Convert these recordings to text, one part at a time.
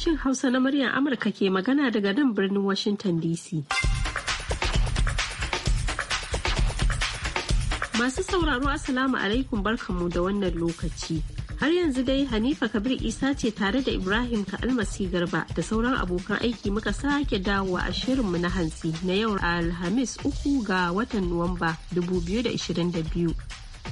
Sashen Hausa na muryar Amurka ke magana daga nan birnin Washington DC. Masu sauraro asalamu alaikum barkanmu da wannan lokaci. Har yanzu dai Hanifa Kabir Isa ce tare da Ibrahim almasi Garba da sauran abokan aiki muka sake dawowa a shirinmu na hantsi na yau Alhamis uku ga watan Nuwamba 2022.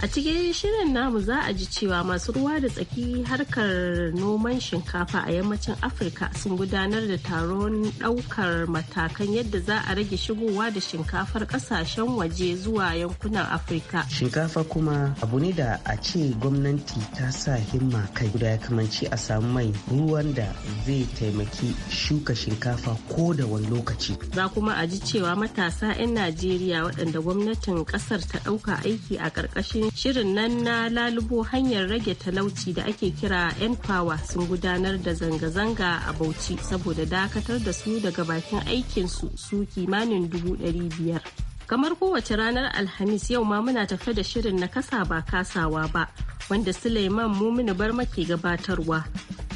A cikin shirin namu za a ji cewa masu ruwa da tsaki harkar noman shinkafa a yammacin Afirka sun gudanar da taron ɗaukar matakan yadda za a rage shigowa da shinkafar ƙasashen waje zuwa yankunan Afirka. Shinkafa kuma abu ne da a ce gwamnati ta sa himma kai guda ya kamanci a samu mai ruwan da zai taimaki shuka shinkafa ko da wani lokaci. Za kuma a ji cewa matasa 'yan Najeriya waɗanda gwamnatin ƙasar ta ɗauka aiki a ƙarƙashin shirin nan na lalubo hanyar rage talauci da ake kira empower sun gudanar da zanga-zanga a bauchi saboda dakatar da su daga bakin aikin su su kimanin dubu ɗari biyar kamar kowace ranar alhamis yau ma muna tafe da shirin na kasa ba kasawa ba wanda suleiman mumini bar ke gabatarwa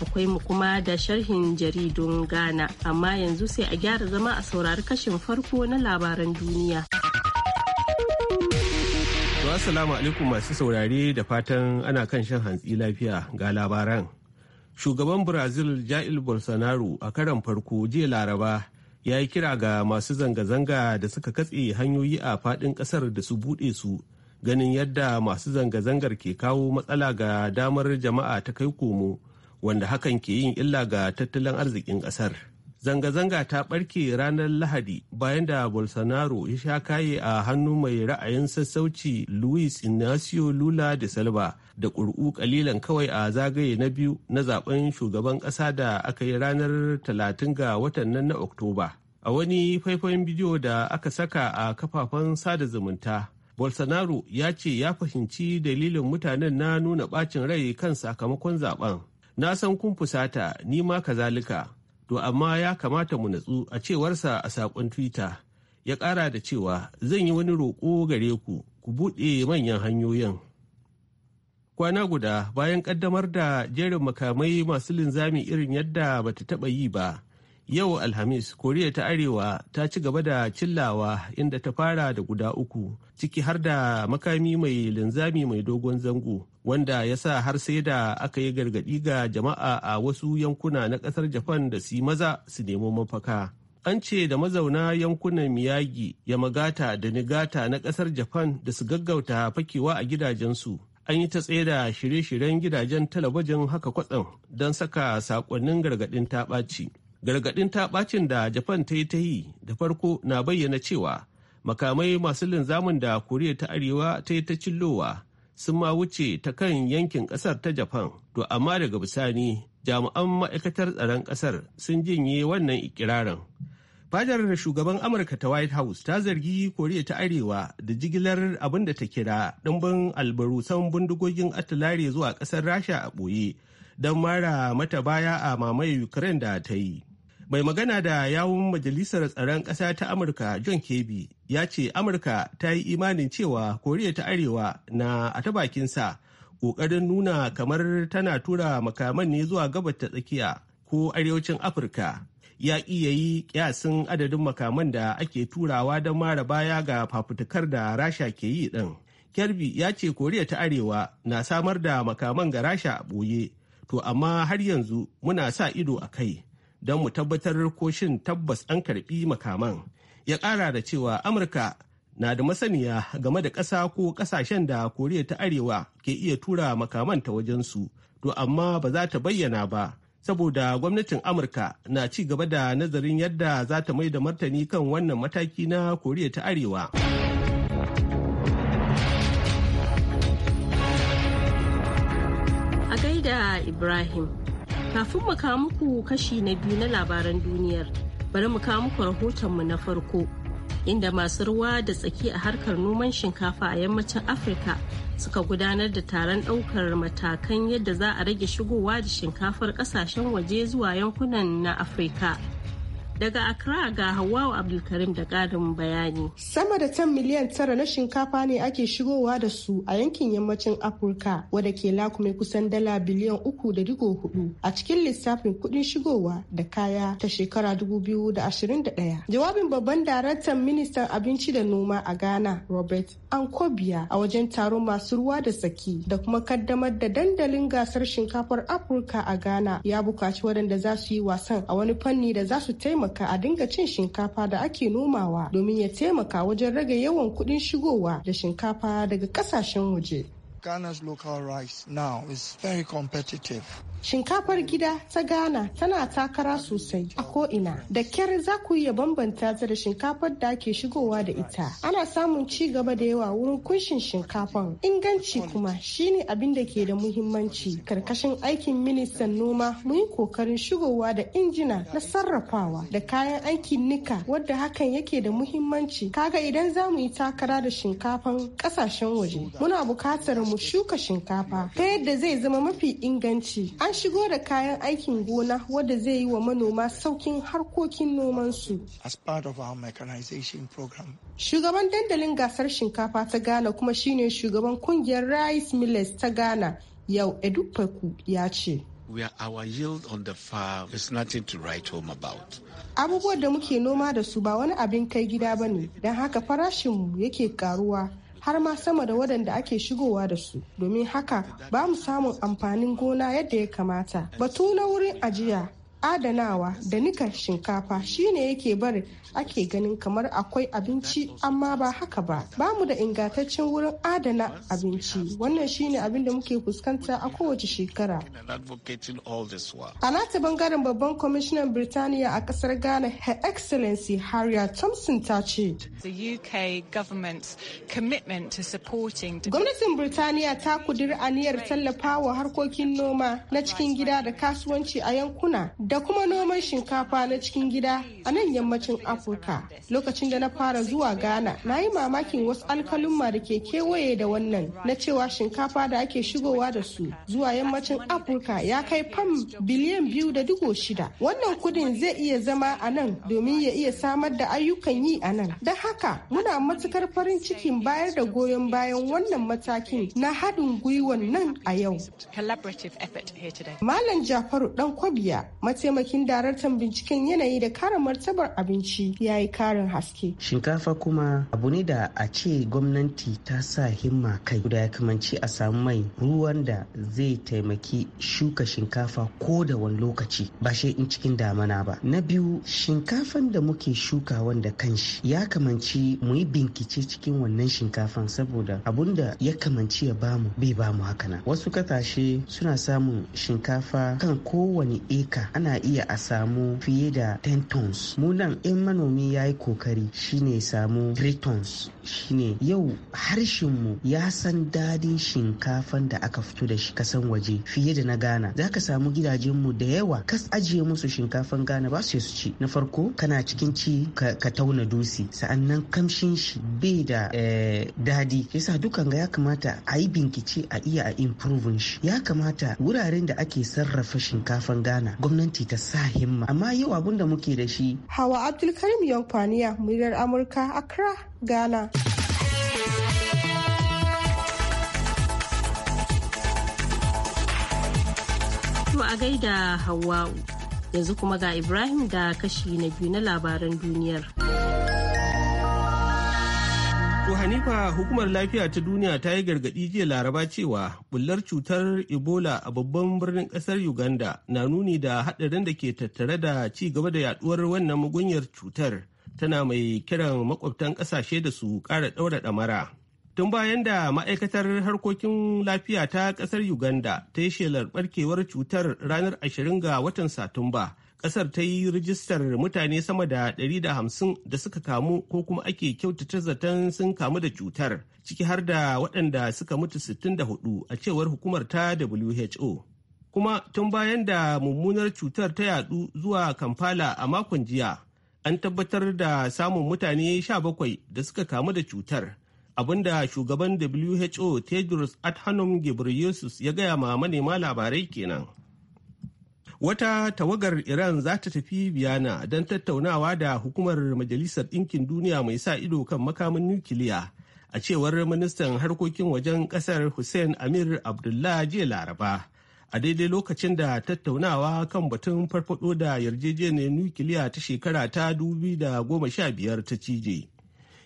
akwai mu kuma da sharhin jaridun ghana amma yanzu sai a gyara zama a saurari kashin farko na labaran duniya assalamu alaikum masu saurare da fatan ana kan shan hantsi lafiya ga labaran. Shugaban Brazil Jair Bolsonaro a karan farko jiya Laraba ya yi kira ga masu zanga-zanga da suka katse hanyoyi a fadin kasar da su bude su ganin yadda masu zanga-zangar ke kawo matsala ga damar jama'a ta kai komo wanda hakan ke yin illa ga tattalin arzikin kasar. zanga-zanga ta ɓarke ranar lahadi bayan da bolsonaro ya sha kaye a hannu mai ra'ayin sassauci luis inacio lula da salva da ƙuri'u kalilan kawai a zagaye na biyu na zaben shugaban ƙasa da aka yi ranar 30 ga watan nan na oktoba a wani faifan bidiyo da aka saka a kafafen sada zumunta bolsonaro ya ce ya fahimci dalilin mutanen na nuna ɓacin rai kan sakamakon zaben na san kun fusata ni ma kazalika to amma ya kamata mu natsu a cewarsa a saƙon twitter ya ƙara da cewa zan yi wani roƙo gare ku ku buɗe manyan hanyoyin kwana guda bayan ƙaddamar da jerin makamai masu linzami irin yadda bata taɓa yi ba Yau Alhamis, Koriya ta Arewa ta ci gaba da cillawa inda ta fara da guda uku, ciki har da makami mai linzami mai dogon zango, wanda ya sa har sai da aka yi gargaɗi ga jama'a a wasu yankuna na ƙasar Japan da su maza su nemo mafaka. An ce da mazauna yankunan Miyagi, ya magata da Nigata na ƙasar Japan da su gaggauta fakewa a gidajensu. an yi ta da shirye-shiryen gidajen talabijin haka kwatsam don saka sakonnin gargaɗin ta ɓaci. gargaɗin taɓacin da japan ta yi ta yi da farko na bayyana cewa makamai masu linzamin da koriya ta arewa ta yi ta cillowa sun ma wuce ta kan yankin ƙasar ta japan to amma daga bisani jami'an ma'aikatar tsaron ƙasar sun jinye wannan ikirarin fadar shugaban amurka ta white house ta zargi koriya ta arewa da jigilar abin da ta kira ɗimbin albarusan bindigogin atilare zuwa ƙasar rasha a ɓoye don mara mata baya a mamaye ukraine da ta yi mai magana da yawun majalisar tsaron ƙasa ta amurka john kebi ya ce amurka ta yi imanin cewa koriya ta arewa na a ta sa ƙoƙarin nuna kamar tana tura makaman ne zuwa gabar ta tsakiya ko arewacin afirka ya iya yi kyasin adadin makaman da ake turawa don mara baya ga fafutukar da rasha ke yi ɗin kirby ya ce koriya ta arewa na samar da makaman ga rasha a ɓoye to amma har yanzu muna sa ido a kai don mu tabbatar ko shin tabbas an karbi makaman ya ƙara da cewa amurka na da masaniya game da ƙasa ko ƙasashen da koriya ta arewa ke iya tura makaman ta wajensu to amma ba za ta bayyana ba saboda gwamnatin amurka na ci gaba da nazarin yadda za ta mai da martani kan wannan mataki na koriya ta arewa a gaida ibrahim Kafin mu kawo muku kashi na biyu na labaran duniyar, bari mu kawo muku rahotonmu na farko. Inda masu ruwa da tsaki a harkar noman shinkafa a yammacin Afirka suka gudanar da taron ɗaukar matakan yadda za a rage shigowa da shinkafar ƙasashen waje zuwa yankunan na Afirka. Daga Accra ga Hawwa Abdulkarim da ƙarin bayani. Sama da 10 miliyan tara na shinkafa ne ake shigowa da su a yankin yammacin Afirka wadda ke lakume kusan dala biliyan uku da digo hudu a cikin lissafin kuɗin shigowa da kaya ta shekara dubu da ashirin da ɗaya. Jawabin babban daraktan ministan abinci da noma a Ghana Robert Ankobiya a wajen taron masu ruwa da saki da kuma kaddamar da dandalin gasar shinkafar Afirka a Ghana ya buƙaci waɗanda za su yi wasan a wani fanni da za su taimaka taimaka a dinga cin shinkafa da ake nomawa domin ya taimaka wajen rage yawan kuɗin shigowa da shinkafa daga ƙasashen waje. Ghana's local rice now is very competitive. Shinkafar gida ta Ghana tana takara sosai a ko'ina. Da kyar za ku iya bambanta ta da shinkafar da ake shigowa da ita. Ana samun ci gaba da yawa wurin kunshin shinkafan. Inganci kuma shine abin da ke da muhimmanci. Karkashin aikin ministan noma mun yi kokarin shigowa da injina na sarrafawa da kayan aikin nika wadda hakan yake da muhimmanci. Kaga idan za mu yi takara da shinkafan kasashen waje. Muna bukatar mu shuka shinkafa ta yadda zai zama mafi inganci. An shigo da kayan aikin gona wadda zai yi wa manoma saukin harkokin nomansu. As part of our mechanization program. Shugaban dandalin gasar shinkafa ta Ghana kuma shine shugaban kungiyar Rice Millers ta Ghana yau Edukpeku ya ce. are our yield on the farm is nothing to write home about. Abubuwan da muke noma da su ba wani abin kai gida ba ne, don haka farashinmu yake karuwa har ma sama da waɗanda ake shigowa da su domin haka ba mu samun amfanin gona yadda ya kamata batu na wurin ajiya adanawa da nika shinkafa shine yake bari ake ganin kamar akwai abinci amma ba haka ba mu da ingantaccen wurin adana abinci wannan shine abin da muke fuskanta a kowace shekara a nata bangaren babban kwamishinan birtaniya a kasar ghana her excellency harriet thompson ta ce gwamnatin birtaniya ta kudiri aniyar tallafawa harkokin noma na cikin gida da kasuwanci a yankuna da kuma noman shinkafa na cikin gida a nan yammacin afirka lokacin da na fara zuwa ghana na yi mamakin wasu alkalumma da ke kewaye da wannan na cewa shinkafa da ake shigowa da su zuwa yammacin afirka ya kai fam biliyan biyu da digo shida wannan kudin zai iya zama a nan domin ya iya samar da ayyukan yi a nan don haka muna matukar farin cikin bayar da goyon bayan wannan matakin na haɗin gwiwan nan a yau malam jafaru dan kwabiya mataimakin darartan binciken yanayi da kare martabar abinci ya yi karin haske. Shinkafa kuma abu ne da a ce gwamnati ta sa himma kai guda ya kamanci a samu mai ruwan da zai taimaki shuka shinkafa ko da wani lokaci ba shi in cikin damana ba. Na biyu shinkafan da muke shuka wanda kanshi ya kamanci mu yi binkice cikin wannan shinkafan saboda abun da ya kamanci ya bamu bai bamu haka na. Wasu kasashe suna samun shinkafa kan kowane eka ana ana iya a samu fiye da 10 tons mu nan in manomi ya yi kokari shine samu 3 tons shine yau harshenmu ya san dadin shinkafan da aka fito da shi kasan waje fiye da na gana za ka samu gidajenmu da yawa kas ajiye musu shinkafan gana ba su su ci na farko kana cikin ci ka tauna dusi sa'annan kamshin shi bai da eh, dadi yasa dukan ga ya kamata a yi binkici a iya a improving shi ya kamata wuraren da ake sarrafa shinkafan gana gwamnati gwamnati ta sa himma amma yau abun da muke da shi hawa abdulkarim yankwaniya muryar amurka accra ghana a gaida hawa yanzu kuma ga Ibrahim da kashi na biyu na labaran duniyar. Abu Hanifa hukumar lafiya ta duniya ta yi gargaɗi jiya laraba cewa bullar cutar Ebola a babban birnin ƙasar Uganda na nuni da haɗarin da ke tattare da ci gaba da yaɗuwar wannan mugunyar cutar tana mai kiran makwabtan ƙasashe da su ƙara ɗaura ɗamara. Tun bayan da ma'aikatar harkokin lafiya ta ƙasar Uganda ta yi shelar ɓarkewar cutar ranar 20 ga watan Satumba Ƙasar ta yi rijistar mutane sama da 150 da suka kamu ko kuma ake kyautata zaton sun kamu da cutar, ciki har da waɗanda suka mutu 64 a cewar hukumar ta WHO. Kuma tun bayan da mummunar cutar ta yadu zuwa Kampala a makon jiya, an tabbatar da samun mutane 17 da suka kamu da cutar. abinda shugaban WHO Tedros Adhanom Ghebreyesus ya gaya ma manema labarai kenan. wata tawagar iran za ta tafi biyana don tattaunawa da hukumar majalisar ɗinkin duniya mai sa ido kan makamin nukiliya a cewar ministan harkokin wajen ƙasar hussein amir abdullah jiya laraba a daidai lokacin da tattaunawa kan batun farfado da yarjejeniyar nukiliya ta shekara ta 2015 ta cije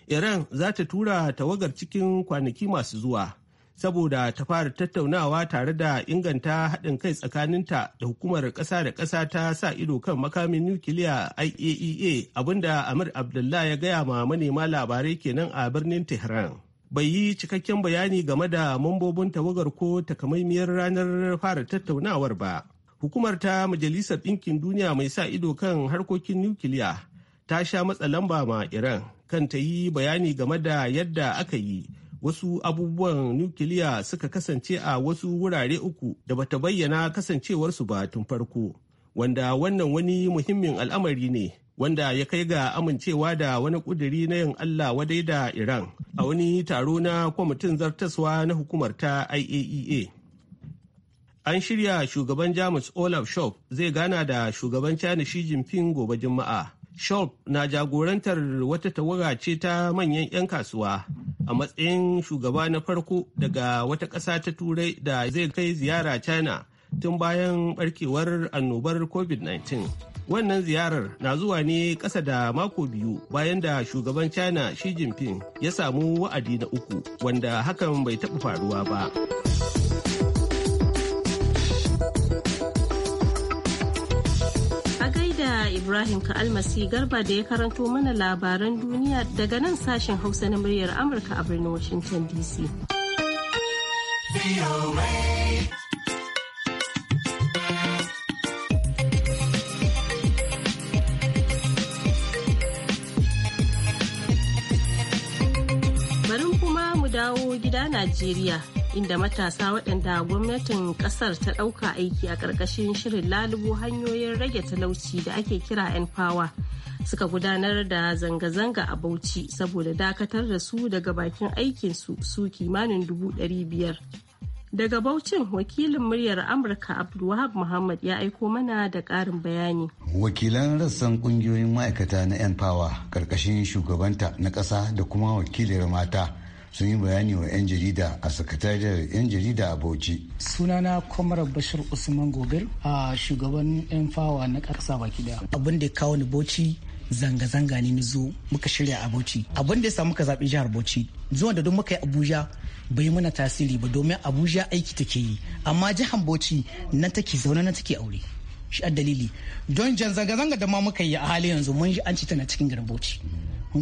iran za ta tura tawagar cikin kwanaki masu zuwa saboda ta fara tattaunawa tare da inganta haɗin kai tsakaninta da hukumar ƙasa da ƙasa ta sa ido kan makamin nukiliya IAEA abinda Amir Abdullah ya gaya ma manema labarai kenan a birnin Tehran. Bai yi cikakken bayani game da mambobin tawagar ko takamaimiyar ranar fara tattaunawar ba. Hukumar ta Majalisar Ɗinkin Duniya mai sa ido kan harkokin nukiliya ta sha matsa lamba ma Iran kan ta yi bayani game da yadda aka yi. wasu abubuwan nukiliya suka kasance a wasu wurare uku da bata bayyana kasancewarsu ba tun farko wanda wannan wani muhimmin al'amari ne wanda ya kai ga amincewa da wani kuduri na yin Allah wadai da Iran a wani taro na kwamitin zartaswa na hukumar ta IAEA. E An shirya shugaban Jamus Olaf Shop zai gana da shugaban China Xi Jinping gobe Juma'a. Shop na jagorantar wata tawaga ce ta manyan 'yan kasuwa a matsayin shugaba na farko daga wata ƙasa ta turai da zai kai ziyara china tun bayan barkewar annobar covid-19 wannan ziyarar na zuwa ne ƙasa da mako biyu bayan da shugaban china shi jinping ya samu wa'adi na uku wanda hakan bai taɓa faruwa ba. Ibrahim Ka'almasi Garba da ya karanto mana labaran duniya daga nan sashen Hausa na muryar Amurka a birnin Washington DC. Barin kuma mu dawo gida Najeriya inda matasa waɗanda gwamnatin ƙasar ta ɗauka aiki a ƙarƙashin shirin lalubo hanyoyin rage talauci da ake kira 'yan fawa suka gudanar da zanga-zanga a bauchi saboda dakatar da su daga bakin aikinsu su kimanin dubu ɗari biyar daga Bauchin, wakilin muryar Amurka Abdulwahab Muhammad ya aiko mana da ƙarin bayani. Wakilan rassan ƙungiyoyin ma'aikata na 'yan fawa ƙarƙashin shugabanta na ƙasa da kuma wakilin mata sun yi bayani wa 'yan jarida a sakatariyar 'yan jarida a bauchi sunana kwamar bashir usman gobir a shugaban 'yan fawa na ƙasa baki daya abin da ya kawo ni bauchi zanga-zanga ne na zo muka shirya a bauchi abin da ya samu ka zaɓi jihar bauchi zuwa da don muka yi abuja bai mana tasiri ba domin abuja aiki take yi amma jihar bauchi nan take zaune nan take aure shi a dalili don jan zanga-zanga da ma muka yi a hali yanzu mun ji an ci tana cikin garin bauchi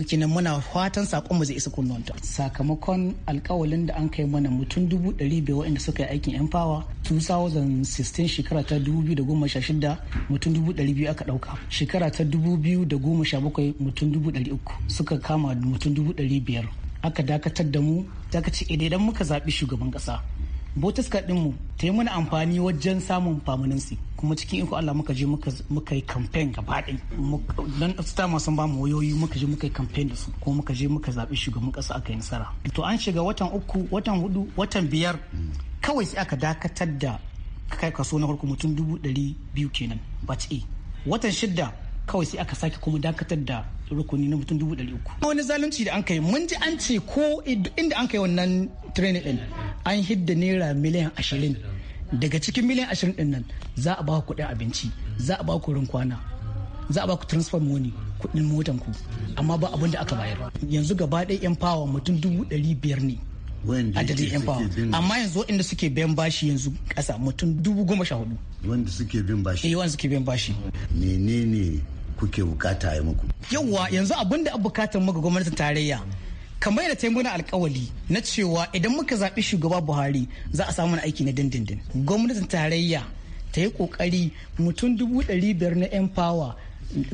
kinan muna fatan sakonmu zai isa ta. sakamakon alkawalin da an kai mana mutum dubu ɗari biyar waɗanda suka yi aikin yan fawa 2016 shekara ta 2016 mutum dubu ɗari biyu aka ɗauka shekara ta 2017 mutum dubu ɗari uku suka kama mutum dubu ɗari biyar aka dakatar da mu dakaci eh, idan muka zaɓi shugaban ƙasa botis kaɗinmu ta yi mana amfani wajen samun faminansi kuma cikin iko Allah muka je muka yi campaign gaba ɗin sun bamu wayoyi muka je muka yi campaign da su ko muka je muka zaɓi shugaban ƙasa aka yi nasara to an shiga watan uku watan hudu watan biyar kawai sai aka dakatar da kai kaso na farko mutum dubu ɗari biyu kenan batch A watan shidda kawai sai aka sake kuma dakatar da rukuni na mutum dubu ɗari uku. Wani zalunci da an kai mun ji an ce ko inda an kai wannan training ɗin an hidda naira miliyan ashirin daga cikin miliyan ashirin din nan za a ba ku kuɗin abinci za a ba ku rin kwana za a ba ku transfer money kuɗin motan ku amma ba abin da aka bayar yanzu gaba ɗaya yan fawa mutum dubu ɗari biyar ne adadin yan fawa amma yanzu waɗanda suke biyan bashi yanzu ƙasa mutum dubu goma sha hudu wanda suke bin bashi eh wanda suke bin bashi menene kuke bukata ya muku yawwa yanzu abin da a bukatar muka gwamnatin tarayya kamar da ta yi muna alkawali na cewa idan muka zaɓi shugaba buhari za a samu aiki na dindindin gwamnatin tarayya ta yi kokari mutum dubu ɗari biyar na yan fawa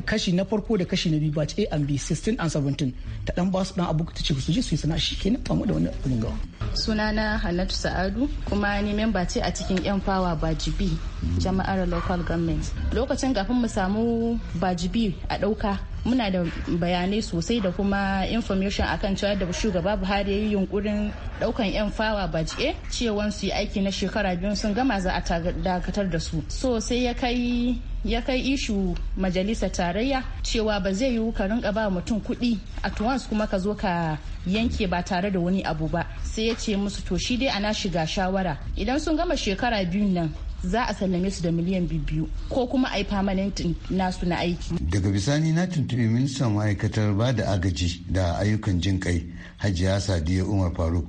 kashi na farko da kashi na biyu ba a and b 16 and 17 ta dan basu dan abu ta ce su je su yi sana'a shi kenan famu da wani abin gawa na hannatu sa'adu kuma ni memba ce a cikin yan fawa bajibi jama'ar local government lokacin kafin mu samu bajibi a ɗauka muna da bayanai sosai da kuma information akan cewa da shugaba buhari ya yi yunkurin daukan yan fawa baje cewa su yi aiki na shekara biyu sun gama za a dakatar da su so sai ya kai ya kai ishu majalisa tarayya cewa ba zai yiwu ka rinka ba mutum kuɗi a tuwansu kuma ka zo ka yanke ba tare da wani abu ba sai ya ce musu to shi dai ana shiga shawara idan sun gama shekara biyun nan za a sallame su da miliyan biyu ko kuma a yi permanentin nasu na aiki. Daga bisani na tuntubi ministan ma'aikatar ba da agaji da ayyukan jin kai Hajiya Sadiya Umar Faruk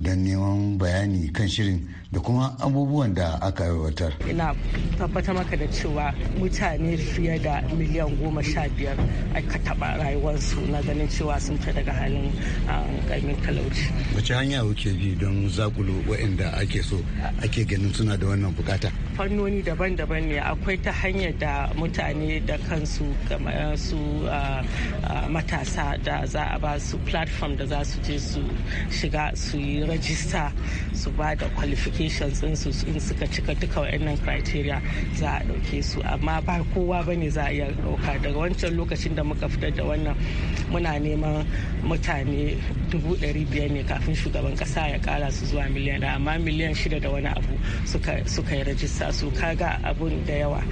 don neman bayani kan shirin da kuma abubuwan da aka aiwatar. Ina tabbatar maka da cewa mutane fiye da miliyan goma sha biyar aka taɓa rayuwarsu na ganin cewa sun fi daga halin ah, ƙarmin talauci. Wace hanya kuke bi don zakulu waɗanda ake so ake ganin suna da wannan bukata? Fannoni daban-daban ne akwai ta hanyar da mutane da kansu su ah, ah, matasa da za a ba su platform da za su je su shiga su yi rajista su ba da kwalifikin applications din su in suka cika duka wa'annan criteria za a ɗauke su amma ba kowa bane za a iya ɗauka daga wancan lokacin da muka fitar da wannan muna neman mutane dubu biyar ne kafin shugaban kasa ya kara su zuwa miliyan da amma miliyan shida da wani abu suka yi rajista su kaga abun da yawa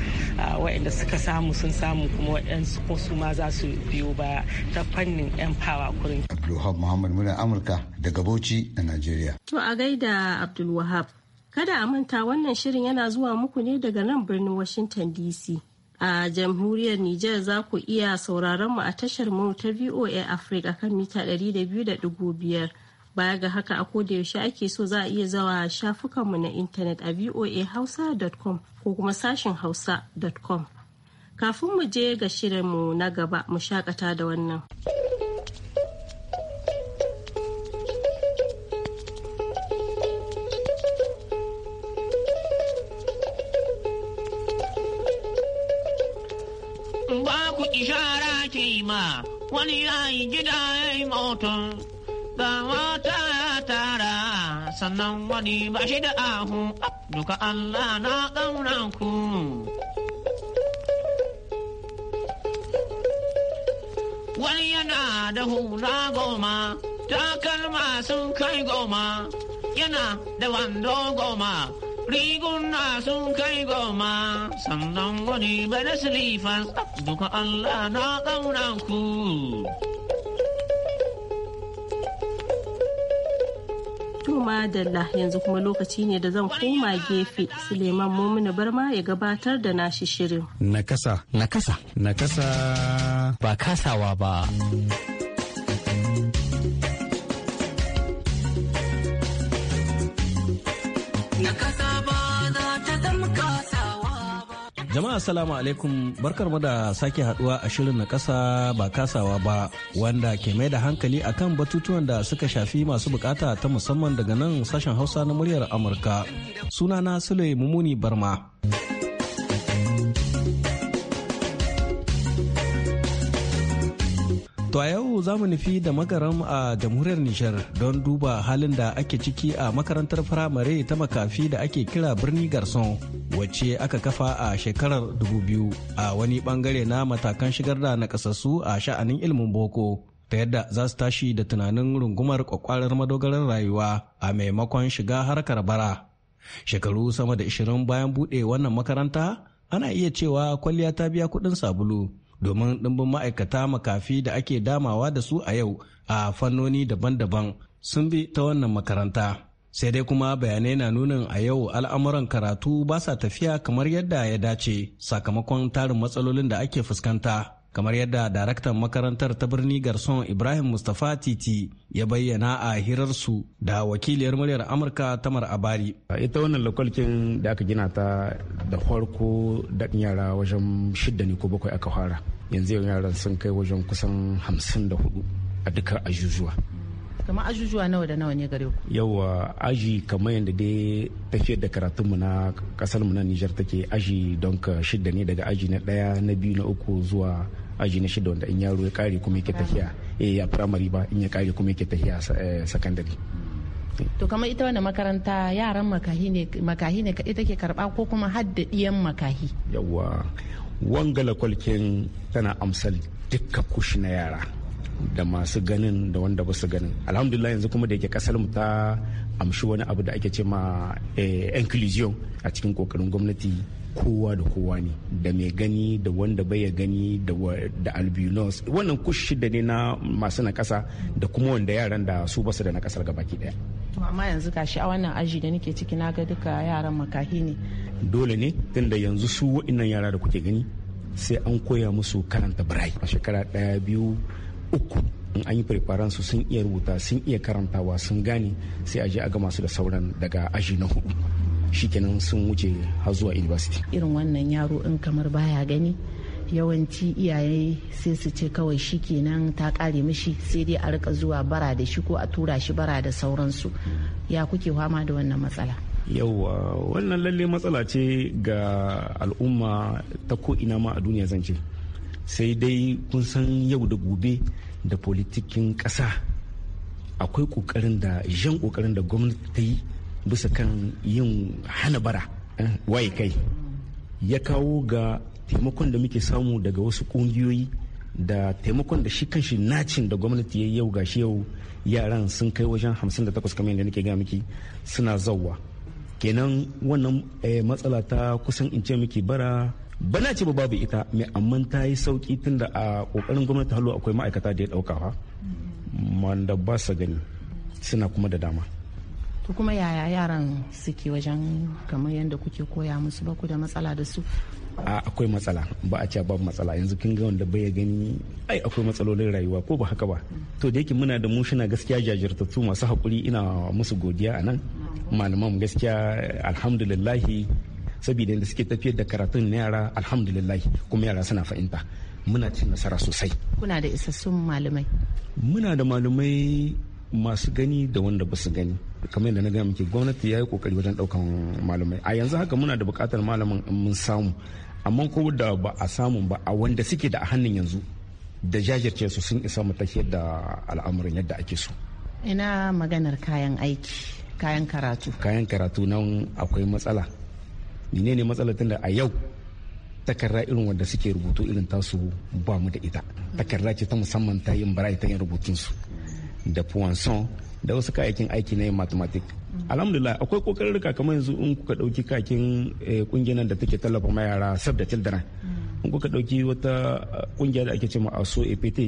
wa'anda suka samu sun samu kuma wa'ansu ko su ma za su biyo baya ta fannin empower kurin. Abdulwahab Muhammad Muna Amurka daga Bauchi a Najeriya. To a gaida Abdulwahab Kada a manta wannan shirin yana zuwa muku ne daga nan birnin Washington DC. A jamhuriyar Nijar za ku iya sauraron mu a tashar mu ta VOA Africa kan mita 200.5. Baya ga haka a koda yaushe ake so za a iya zawa shafukanmu na intanet a voahausa.com ko kuma sashin hausa.com. Kafin mu je ga shirinmu na gaba mu shakata da wannan. ku ishara ke ma wani ya yi gida ya yi ga mata ya tara sannan wani ba shi da ahu duka Allah na ƙauna ku. Wani yana da hula goma, takalma sun kai goma, yana da wando goma, riguna sun kai goma, sannan wani ba da silifas duka Allah na ƙaunan ku. da la yanzu kuma lokaci ne da zan koma gefe Suleiman Muminu Barma ya gabatar da nashi shirin. Nakasa. Nakasa. Nakasa. Ba kasawa ba. Nakasa. Jama'a salamu alaikum barkar mu da sake haduwa a shirin na kasa ba kasawa ba wanda ke mai da hankali akan batutuwan da suka shafi masu bukata ta musamman daga nan sashen Hausa na muryar Amurka. Sunana Sule Mumuni Barma. za mu nufi da makaram a jamhuriyar Nijar don duba halin da ake ciki a makarantar firamare ta makafi da ake kira birni Garson wacce aka kafa a shekarar 2000 a wani bangare na matakan shigar da na kasassu a sha'anin ilimin boko. ta yadda za su tashi da tunanin rungumar kwakwalar madogarar rayuwa a maimakon shiga harkar bara. Shekaru sama da 20 bayan buɗe wannan makaranta, ana iya cewa kwalliya ta biya kuɗin sabulu. domin ɗimbin ma'aikata makafi da ake damawa da su a yau a fannoni daban-daban sun bi ta wannan makaranta sai dai kuma bayanai na nunin a yau al'amuran karatu ba sa tafiya kamar yadda ya dace sakamakon tarin matsalolin da ake fuskanta kamar yadda daraktan makarantar ta birni garson ibrahim mustapha titi ya bayyana a hirarsu da wakiliyar muryar amurka tamar abari ita wannan lakwalkin da aka gina ta da farko da yara wajen shidda ne ko bakwai aka fara yanzu yaran sun kai wajen kusan hamsin da hudu a duka ajujuwa kamar ajujuwa nawa da nawa ne gare ku yawa aji kamar yadda dai tafiyar da karatunmu na kasar mu na Niger take aji don ka shidda ne daga aji na daya na biyu na uku zuwa aji na shidda wanda in yaro ya kare kuma yake tafiya eh ya primary ba in ya kare kuma yake tafiya secondary eh, to kamar ita wani makaranta yaran makahi ne makahi ne ita take karba ko kuma hadda ɗiyan makahi yawa wangala kwalkin tana amsal dukkan kushi na yara da masu ganin da wanda ba su ganin alhamdulillah yanzu kuma da yake kasar mu ta amshi wani abu da ake ce ma eh, inclusion a cikin kokarin gwamnati kowa da kowa ne da mai gani da wanda baya gani da albinos wannan kushi da ne na masu na kasa da kuma wanda yaran da su basu da na kasar gabaki daya amma yanzu gashi a wannan aji da nake ciki na ga duka yaran makahi ne dole ne tunda yanzu su wa'innan yara da kuke gani sai an koya musu karanta birai a shekara daya biyu uku in an yi preparan su sun iya rubuta sun iya karantawa sun gane sai a je a ga masu da sauran daga aji na hudu shikenan sun wuce har zuwa university irin wannan yaro in kamar baya gani yawanci iyaye sai su ce kawai shi kenan ta kare mishi sai dai a rika zuwa bara da shi ko a tura shi bara da sauransu ya kuke fama da wannan matsala yauwa wannan lalle matsala ce ga al'umma ta ko ina ma a duniya zance sai dai kun san yau da gobe da politikin ƙasa akwai ƙoƙarin da jan ƙoƙarin da gwamnati ta yi bisa kan yin hana bara eh, waye kai ya kawo ga taimakon da muke samu daga wasu ƙungiyoyi da taimakon da shi kanshi nacin da gwamnati ya yau gashi yau yaran sun kai wajen 58 kamar yadda nake ga miki suna zauwa kenan wannan eh, matsala ta kusan in ce miki bara bana ce ba babu ita mai amma ta yi sauki tunda a kokarin gwamnati halu akwai ma'aikata da ya dauka fa wanda ba sa gani suna kuma da dama to kuma yaya yaran suke wajen kamar yadda kuke koya musu ba ku da matsala da su a akwai matsala ba a cewa babu matsala yanzu kin ga wanda bai gani ai akwai matsalolin rayuwa ko ba haka ba to da yake muna da mu shina gaskiya jajirtattu masu hakuri ina musu godiya a nan malaman gaskiya alhamdulillahi saboda yadda suke tafiyar da karatun na yara alhamdulillah kuma yara suna fahimta muna cin nasara sosai kuna da isassun malamai muna da malamai masu gani da wanda ba su gani kamar yadda na gaya muke gwamnati ya yi kokari wajen daukan malamai a yanzu haka muna da bukatar malamin mun samu amma ko da ba a samu ba a wanda suke da a hannun yanzu da jajirce su sun isa mu tafiyar da al'amuran yadda ake so ina maganar kayan aiki kayan karatu kayan karatu nan akwai matsala ne ne matsalar da a yau takarda irin wanda suke rubutu irin tasu ba mu da ita takarda ce ta musamman ta yin bara ta yin rubutunsu. da puwanson da wasu kayakin aiki na yin mathematic alhamdulillah akwai kokarin rika kamar yanzu in kuka dauki kakin kungiyar eh, da take tallafa ma yara sab da children in kuka dauki wata kungiya eh, da ake cewa aso apt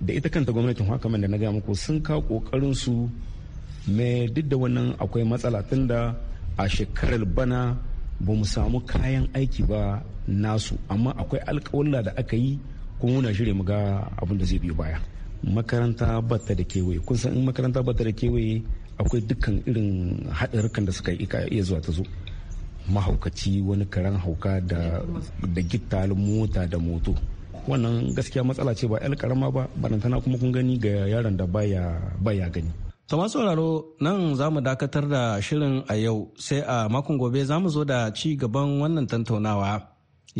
da ita kanta gwamnatin hakaman da na gaya muku sun kawo kokarin su me duk da wannan akwai matsala tunda a shekarar bana ba mu samu kayan aiki ba nasu amma akwai alkawalla da aka yi kuma muna shirya mu ga abin da zai biyo baya makaranta batta da kewaye kun san in makaranta batta da kewaye akwai dukkan irin haɗarukan da suka iya zuwa ta zo mahaukaci wani karen hauka da gittalin mota da moto wannan gaskiya matsala ce ba 'yar karama ba barantana kuma kun gani ga yaron da baya gani masu sauraro nan za mu dakatar da shirin a yau sai a makon gobe za mu zo da ci gaban wannan tantaunawa.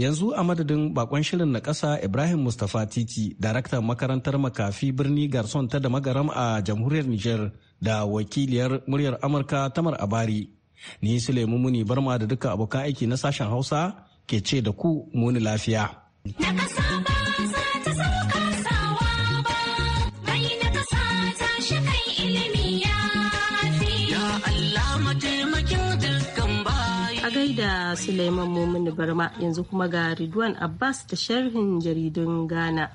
Yanzu a madadin bakon shirin na ƙasa Ibrahim Mustapha Titi, daraktan makarantar makafi birni Garson ta da magaram a jamhuriyar Nijar da wakiliyar muryar Amurka Tamar Abari. Ni Sulaimu Muni Barma da duka abokan aiki na sashen Hausa ke ce da ku muni lafiya. Na ƙasa ba za ta sauka da Suleiman Momini Barma yanzu kuma ga Ridwan Abbas da sharhin jaridun Ghana.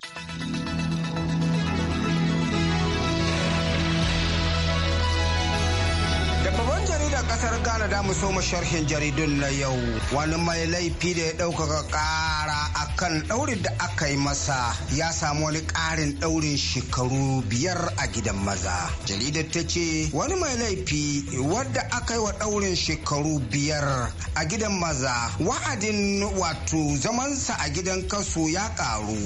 da mu so sharhin jaridun na yau wani mai laifi da ya ɗaukaka ƙara akan ɗaurin da aka yi masa ya samu wani ƙarin ɗaurin shekaru biyar a gidan maza jaridar ta ce wani mai laifi wadda aka yi wa ɗaurin shekaru biyar a gidan maza wa'adin wato zamansa a gidan kaso ya ƙaru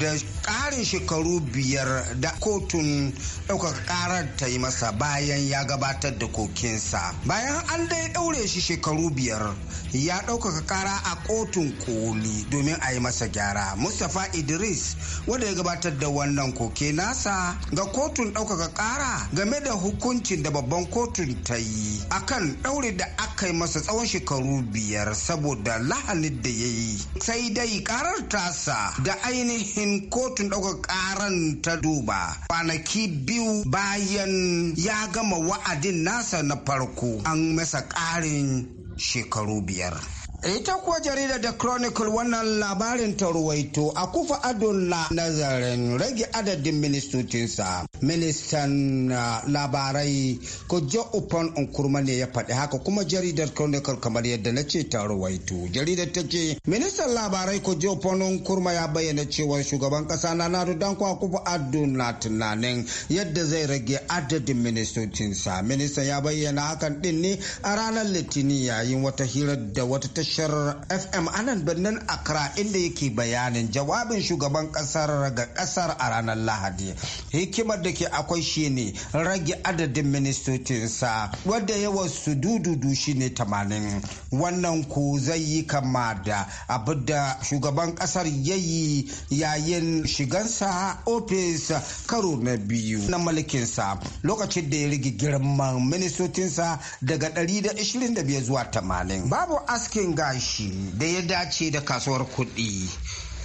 da ƙarin shekaru biyar da kotun ɗaukaka ƙarar ta yi masa bayan ya gabatar da kokinsa bayan an dai ɗaure shi shekaru biyar ya ɗaukaka kara a kotun koli domin a yi masa gyara mustapha idris wanda ya gabatar da wannan koke nasa ga kotun ɗaukaka kara game da hukuncin da babban kotun ta yi akan ɗaure da aka yi masa tsawon shekaru biyar saboda lahanin da ya yi sai dai karar tasa da ainihin kotun ɗaukaka karan ta duba kwanaki biyu bayan ya gama wa'adin nasa na farko an masa ƙarin shekaru biyar Ita kuwa jarida da Chronicle wannan labarin ta ruwaito a kufa adola nazarin rage adadin ministocinsa. Ministan ah, labarai ko jo Upon Nkurma ne ya faɗi haka kuma jaridar Chronicle kamar yadda na ce ta ruwaito. Jaridar ta ce ministan labarai ko jo Upon Nkurma ya bayyana cewa shugaban ƙasa na Nadu kuwa kufa adola tunanin yadda zai rage adadin ministocinsa. Ministan ya bayyana hakan ɗin ne a ranar Litinin yayin wata hirar da wata ta. tashar FM anan birnin Accra inda yake bayanin jawabin shugaban kasar ga kasar a ranar Lahadi. Hikimar da ke akwai shi ne rage adadin ministocinsa wadda yawan su dududu shi ne tamanin. Wannan ku zai yi kama da abin da shugaban kasar yayi yayin shigansa ofis karo na biyu na mulkinsa lokacin da ya rage girman ministocinsa daga 125 zuwa 80. Babu askin farashi da ya dace da kasuwar kuɗi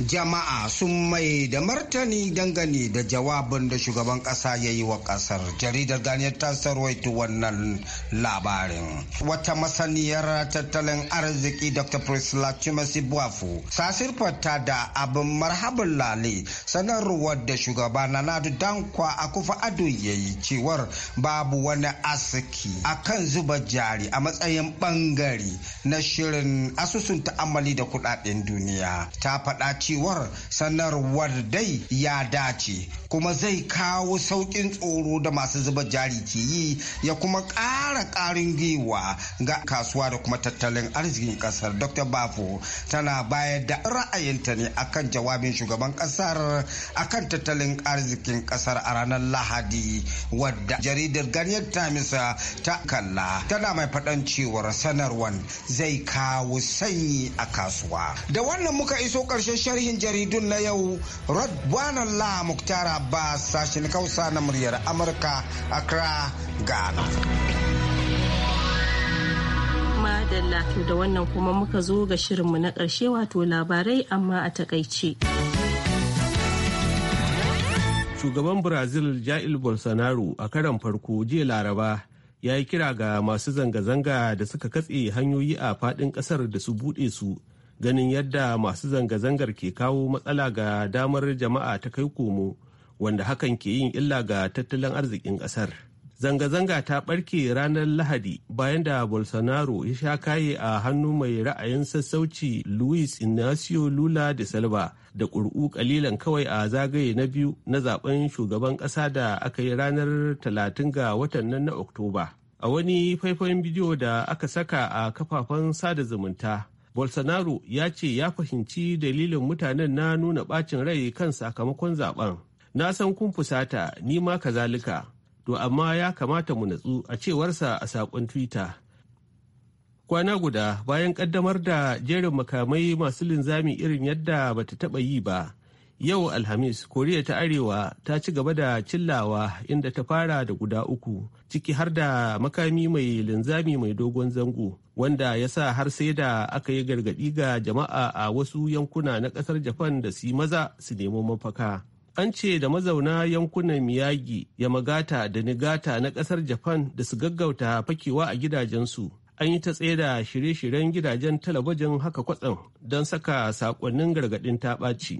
jama'a sun mai da martani dangane da jawabin da shugaban kasa ya yi wa kasar jaridar ganiyar ta sarwaito wannan labarin wata masaniyar tattalin arziki dr priscilla chimasi buafu sasirfata da abin marhabin lale sanarwar da shugaba na nadu dankwa akufa ado ya yi cewar babu wani asiki kan zuba jari a matsayin bangare na shirin asusun ta'amali da kudaden duniya ta faɗa cewar sanarwar dai ya dace kuma zai kawo sauƙin tsoro da masu zuba jari ke yi ya kuma ƙara ƙarin gwiwa ga kasuwa da kuma tattalin arzikin ƙasar dr bafo tana bayar da ra'ayinta ne akan jawabin shugaban ƙasar akan tattalin arzikin ƙasar a ranar lahadi wadda jaridar ganiyar tamisa ta kalla tana mai faɗan cewar sanarwar zai kawo sanyi a kasuwa da wannan muka iso ƙarshen sharhin jaridun na yau radwanan la muktara Abbas sashen kausa na muryar Amurka Accra, Ghana. Madalla da wannan kuma muka zo ga shirinmu na ƙarshe wato labarai amma a takaice. Shugaban Brazil jail Bolsonaro a karan farko jiya Laraba ya yi kira ga masu zanga-zanga da suka katse hanyoyi a faɗin ƙasar da su buɗe su ganin yadda masu zanga-zangar ke kawo matsala ga damar jama'a ta kai komo wanda hakan ke yin illa ga tattalin arzikin ƙasar. Zanga-zanga ta ɓarke ranar Lahadi bayan da Bolsonaro ya sha kaye a hannu mai ra'ayin sassauci Luis Inacio Lula da Silva da ƙuri'u ƙalilan kawai a zagaye na biyu na zaben shugaban ƙasa da aka yi ranar 30 ga watan nan na Oktoba. A wani faifayin bidiyo da aka saka a kafafen sada zumunta, Bolsonaro ya ce ya fahimci dalilin mutanen na nuna ɓacin rai kan sakamakon zaben. na san kun fusata ni ma kazalika to amma ya kamata mu natsu a cewarsa a sakon twitter kwana guda bayan kaddamar da jerin makamai masu linzami irin yadda ba ta taba yi ba yau alhamis koriya ta arewa ta ci gaba da cillawa inda ta fara da guda uku ciki har da makami mai linzami mai dogon zango wanda ya sa har sai da aka yi gargadi ga jama'a a wasu yankuna na kasar japan da su maza su nemo mafaka an ce da mazauna yankunan miyagi yamagata da nigata na kasar japan da su gaggauta fakewa a gidajensu an yi ta da shirye-shiryen gidajen talabijin haka kwatsam don saka sakonnin gargadin ta ɓaci.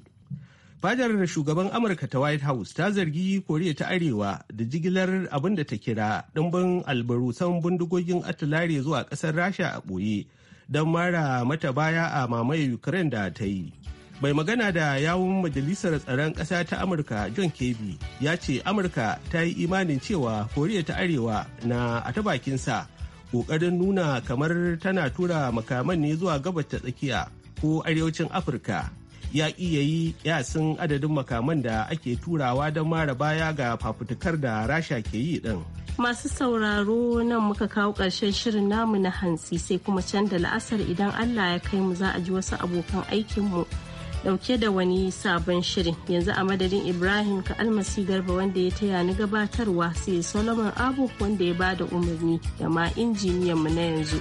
fadar shugaban amurka ta white house ta zargi koriya ta arewa da jigilar abin da ta kira ɗimbin albarusan bindigogin atulare zuwa ƙasar rasha a ɓoye don mara mata baya a mamaye ukraine da ta yi mai magana da yawun majalisar tsaron ƙasa ta amurka john kebi ya ce amurka ta yi imanin cewa koriya ta arewa na a ta bakinsa ƙoƙarin nuna kamar tana tura makaman ne zuwa gabas ta tsakiya ko arewacin afirka ya iya yi yasin adadin makaman da ake turawa don mara baya ga fafutukar da rasha ke yi din. Masu sauraro nan muka kawo ƙarshen shirin namu na hantsi sai kuma can da la'asar idan Allah ya kai mu za a ji wasu abokan aikinmu dauke da wani sabon shirin yanzu a madadin ibrahim ka almasi garba wanda ya taya ni gabatarwa sai solomon abu wanda ya ba da umarni da ma injiniyan mu na yanzu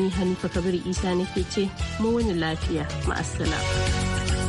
ni hanifa kabir isa nake ce mu wani lafiya ma'asala.